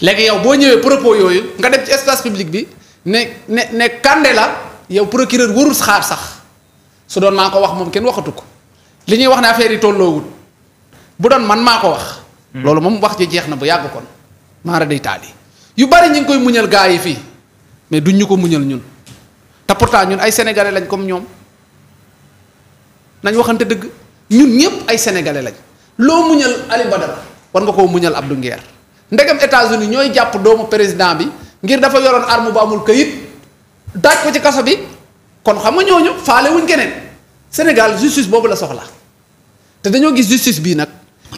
léegi yow boo ñëwee propos yooyu nga dem ci espace public bi ne ne ne Kandé la yow procureur warul xaar sax su doon maa ko wax moom kenn waxatu ko li ñuy wax ne affaire yi tolloowul bu doon man maa ko wax. Hmm. loolu moom wax ji jeex na bu yàgg kon. maara day taali yu bari ñu ngi koy muñal gaa yi fii mais duñ ñu ko muñal ñun te pourtant ñun ay sénégalais lañ comme ñoom nañ waxante dëgg ñun ñëpp ay sénégalais lañ loo muñal Ali war nga koo muñal Abdou Nguer. ndegam États-Unis ñooy jàpp doomu président bi ngir dafa yoroon arme bu amul këyit daaj ko ci kaso bi kon xam nga ñooñu faale wuñ keneen Sénégal justice boobu la soxla te dañoo gis justice bii nag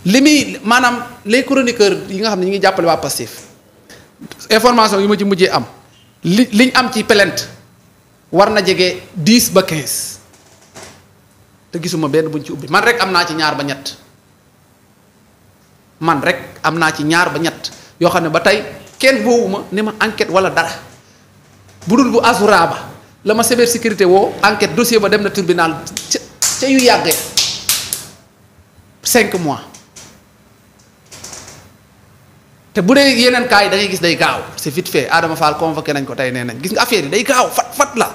li muy maanaam les chroniqueurs yi nga xam ne ñu ngi jàppale waa Pastef information yi ma ci mujjee am li liñ am ci plainte war na jege dix ba quinze te gisuma benn buñ ci ubbi man rek am naa ci ñaar ba ñett. man rek am naa ci ñaar ba ñett yoo xam ne ba tey kenn ma ne ma enquête wala dara bu dul bu Azoura la ma sécurité woo enquête dossier ba dem na tribunal ca ca yu yàggee cinq mois te bu dee yeneen cas yi da gis day gaaw c'est vite fait Adama Fall convoqué nañ ko tey nee nañ gis nga affaire yi day gaaw fat fat la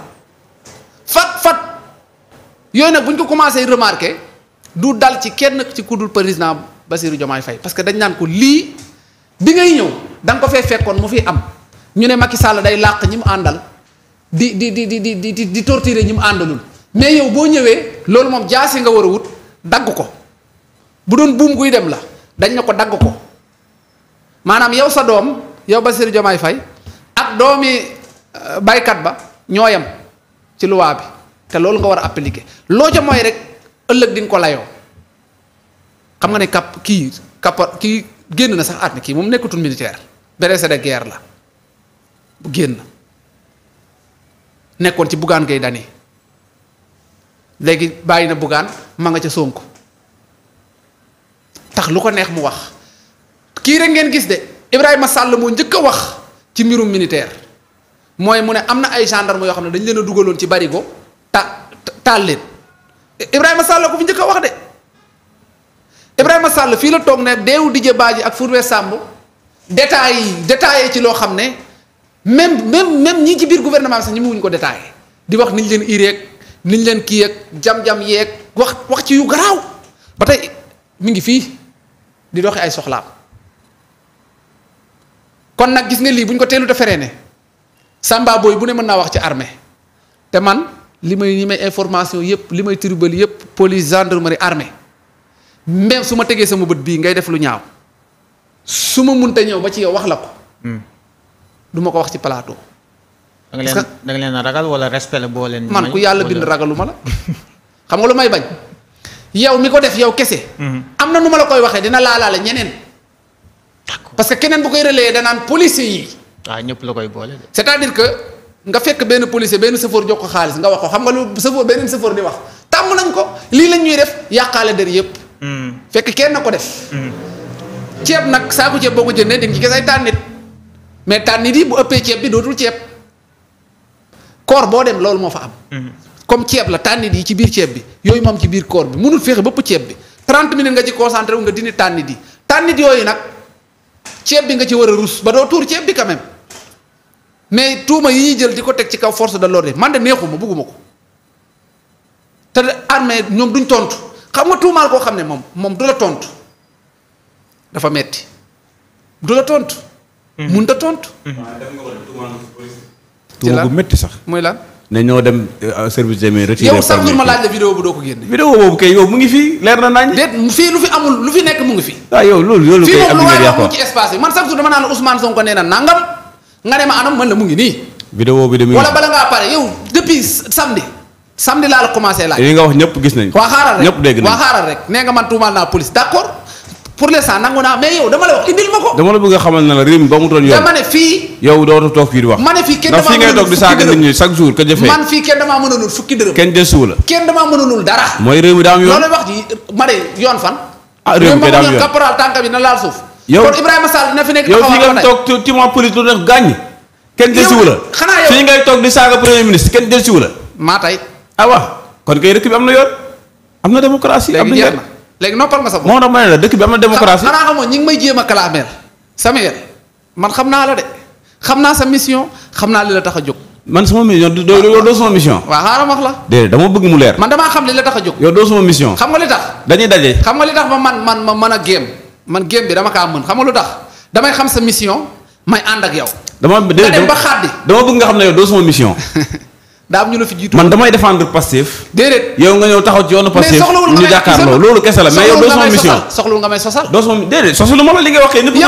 fat fat yooyu nag bu ñu ko commencé remarqué du dal ci kenn ci ku dul président Bassirou Diomaye fay parce que dañ naan ko lii bi ngay ñëw da ko fee fekkoon mu fi am ñu ne Macky Sall day làq ñi mu àndal di di di di di di di torturer ñi mu àndalul mais yow boo ñëwee loolu moom jaasi nga war a wut dagg ko bu doon buum guy dem la dañ ne ko dagg ko maanaam yow sa doom yow Bassirou Diomaye Faye ak doomi euh, baykat ba ñooyam ci luwaa bi te loolu nga war a appliquer loo ca mooy rek ëllëg di ko layoo. xam nga ne cap kii cap kii génn na sax at mi kii moom nekkatul militaire blessé de guerre la bu génn nekkoon ci Bougane Gueye Dany léegi bàyyi na Bougane ma nga ca Sonko tax lu ko neex mu wax kii rek ngeen gis de Ibrahima sàll moo njëkk a wax ci mbirum militaire mooy mu ne am na ay gendarme yoo xam ne dañ leen a dugaloon ci barigo ta taal leen Ibrahima Sall ko fi njëkk a wax de Ibrahima Sall fii la toog ne deewu Didier Badji ak Fulbert Sambou détails yi détaillé ci loo xam ne même même même ñii ci biir gouvernement bi ñi mu wuñ ko détaillé di wax niñ leen ireeg niñ leen kii yeeg jam-jam yeeg wax wax ci yu garaaw ba tey mi ngi fii di doxi ay soxlaam kon nag gis nga lii bu ko teelu deferee ne Samba bu ne mën naa wax ci armée te man li may li may information yépp li may tribal yépp police gendarmerie armée même su ma tegee sama bët bii ngay def lu ñaaw su ma munta ñëw ba ci yow wax la ko. Hmm. duma ko wax ci palaatoo da nga leen da nga leen a ragal wala respect la boo leen. man ku yàlla bind ragalu ma la. xam nga lu may bañ. yow mi ko def yow kese. Hmm. am na nu ma la koy waxee dina laalaale ñeneen. parce que keneen bu koy relayer danaan policier yi. waaw ah, ñëpp la koy boole de. cest que nga fekk benn policier benn chauffeur jox ko xaalis nga wax ko xam nga lu chauffeur beneen chauffeur di wax tàmm nañ ko lii lañ ñuy def yàqaale der yëpp. fekk kenn ko def. ceeb nag saako ceeb boo ko jëndee di nga ci gis ay tànnit mais tànnit yi bu ëppee ceeb bi dootul ceeb koor boo dem loolu moo fa am. comme ceeb la tànnit yi ci biir ceeb bi yooyu moom ci biir koor bi mënul fexe bëpp ceeb bi 30 minutes nga ci concentré wu nga dindi tànnit yi tànnit yooyu nag ceeb bi nga ci war a ruus ba doo tuur ceeb bi quand même mais tuuma yi ñuy jël di ko teg ci kaw force de l'ordre man de neexuma bugguma ko te armée ñoom duñ tontu. xam nga tuumaal koo xam ne moom moom du la tontu dafa metti du la tontu. Mhm. mun ta tontu. Mhm. tuuma bu metti sax mooy lan. ne ñoo dem euh, service demee retiré. yow sax ma laaj la vidéo bu doo ko génne. vidéo boobu kay yow mu ngi fii leer na nañ. déet fii lu fi amul lu fi nekk mu ngi fi. waaw ah, yow loolu yow lu koy am yi man sax dama naan Ousmane Sonko nee na nga ne ma anam man la mu ngi nii. vidéo bi de wala bala ngaa pare yow depuis samedi. samedi laa la commencé yi nga wax ñëpp gis nañ ko. waxaaral rek ñëpp dégg nañ waxaaral rek nee nga man tuumaal naa police d'accord pour l'instant nangu naa mais yow dama la wax indil ma ko. dama la bëgg a xamal ne la réew mi ba mu doon yow. toog yoon fan. ah réew mi kay daa tànk bi na laal suuf. yow fii xanaa yow ngay toog di saaga premier ministre kenn desuwu la. maa tey ah waaw kon kay dëkk bi am na yoon am na démocratie. léegi na léegi noppal ma sa bopp. moo tax ma ne la dëkk bi am na démocratie. xanaa xamoo ñi ngi may man xam naa la de xam naa sa xam naa li la tax a jóg. man sama mission doo doo doo sama mission. waaw xaaral wax la. dama bëgg mu leer. man damaa xam li la tax a jóg. yow doo sama mission. xam nga li tax. dañuy daje. xam nga li tax ma man man ma mën a géem man géem bi dama kaa mën xam nga lu tax damay xam sa mission may ànd ak yow. dama dem ba xàddi. dama bëgg nga xam ne yow doo sama mission daa ñu la fi jiitu man damay défendre Pastef. déedéet yow nga ñëw taxaw ci yoonu Pastef. ñu jàkkaarloo loolu kese la mais yow doo sama nga may sosal doo sama déedéet ma la li ngay waxee. nit mu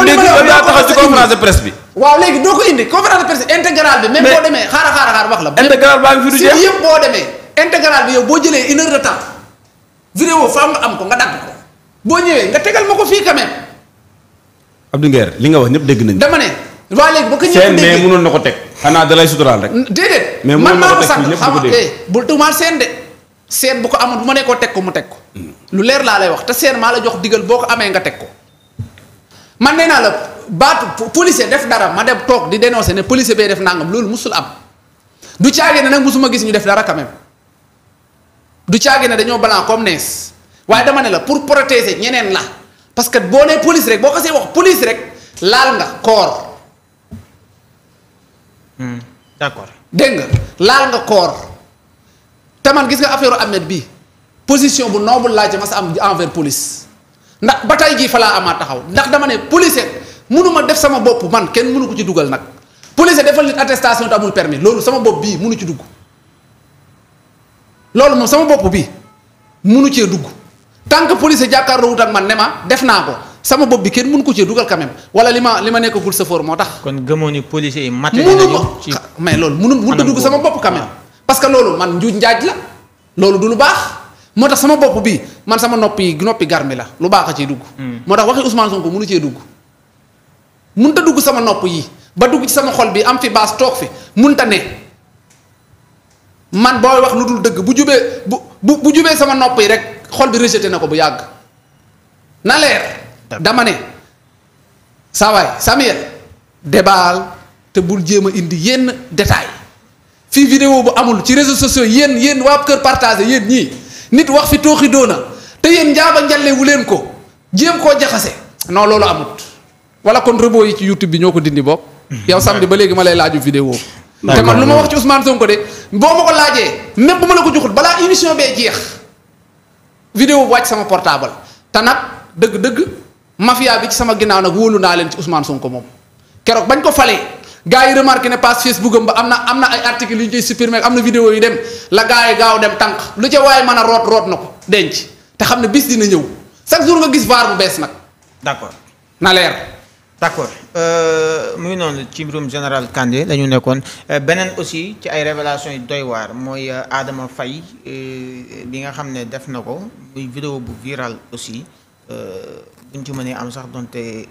de presse bi. waaw léegi doo ko indi conférence de presse intégrale bi. même boo demee xaaral xaaral xaaral wax la. intégrale baa ngi fi du jeex si yëpp boo demee. intégrale bi yow boo jëlee une heure de temps. vidéo fa nga am ko nga dagg ko. boo ñëwee nga tegal ma ko fii quand même. li nga wax ñëpp dégg nañ dama ne waa léegi ba ko ñëpp dégg seen mais mënoon ko teg xanaa dalay suturaal rek. déedéet mais man naa ko sànq xam nga eh, bul tuumaal seen de. seen bu ko amoon bu ma nekkoo teg ko mu teg ko. Hmm. lu leer laa lay wax te seen maa la jox digal boo ko amee nga teg ko. man nee naa la baatu policier def dara ma dem toog di dénoncer ne policier bee def nangam loolu musul am du caage ne nag musuma gis ñu def dara quand même du caage ne dañoo balaa comme nees waaye dama ne la pour protéger ñeneen la parce que boo nee police rek boo ko see wax police rek laal nga corps d'accord dégg nga laal nga koor te man gis nga affaire Ahmed bi position bu noble laa ci mas am envers police ndax ba tey jii fa laa amaat taxaw ndax dama ne police mënuma def sama bopp man kenn mënu ko ci dugal nag police defal nit attestation te amul permis loolu sama bopp bii mënu ci dugg loolu moom sama bopp bi mënu cee dugg tant que police jàkkaarloo wut ak man ne ma def naa ko. sama bopp bi kenn mun ko ci dugal quand même wala li ma li ma nekk nekkagul sëfoor moo tax. kon gëmoo ni policiers yi maté nañu ci mais loolu mënu mënut a dugg sama bopp quand même. parce que loolu man njuuj njaaj la loolu du lu baax moo tax sama bopp bi man sama noppi noppi garmi la lu baax a ciy dugg. Hmm. moo tax waxi Ousmane Sonko mënu cee dugg a dugg sama nopp yi ba dugg ci sama xol bi am fi baas toog fi mënut ta ne man booy wax lu dul dëgg bu jubee bu bu jubee sama nopp yi rek xol bi rejeté na ko bu yàgg na leer. dama ne saawaay Samuel débaal te bul jéem a indi yenn détail fii vidéo bu amul ci réseaux sociaux yéen yéen waa kër partage yéen ñi nit wax fi tooxi doona te yéen njaaba njalle wu leen ko jéem koo jaxase non loolu amut wala kon rebo yi ci YouTube bi ñoo ko dindi bokk hmm. yow di ba léegi ma lay laaju vidéo te man lu ma wax ci Ousmane Sonko de boo ma ko laajee même bu ma la ko joxul balaa émission bee jeex vidéo bu wàcc sama portable te dëgg-dëgg mafia bi ci sama ginnaaw nag wóolu naa leen ci Ousmane ko moom keroog bañ ko falee gars yi remarqué ne page Facebook am ba am na am na ay articles yu ñu koy supprimer am na vidéo yu dem la gars yi gaaw dem tànk lu ca waaye man a root root na ko denc te xam ne bis dina ñëw chaque jour nga gis vaar bu bees nag. d'accord na leer. d'accord euh, muy noonu ci mbirum général Kandé la nekkoon euh, beneen aussi ci ay révélation yi doy waar mooy euh, Adama Faye bi nga xam ne def na ko muy vidéo bu viral aussi. buñ ci mënee am sax donte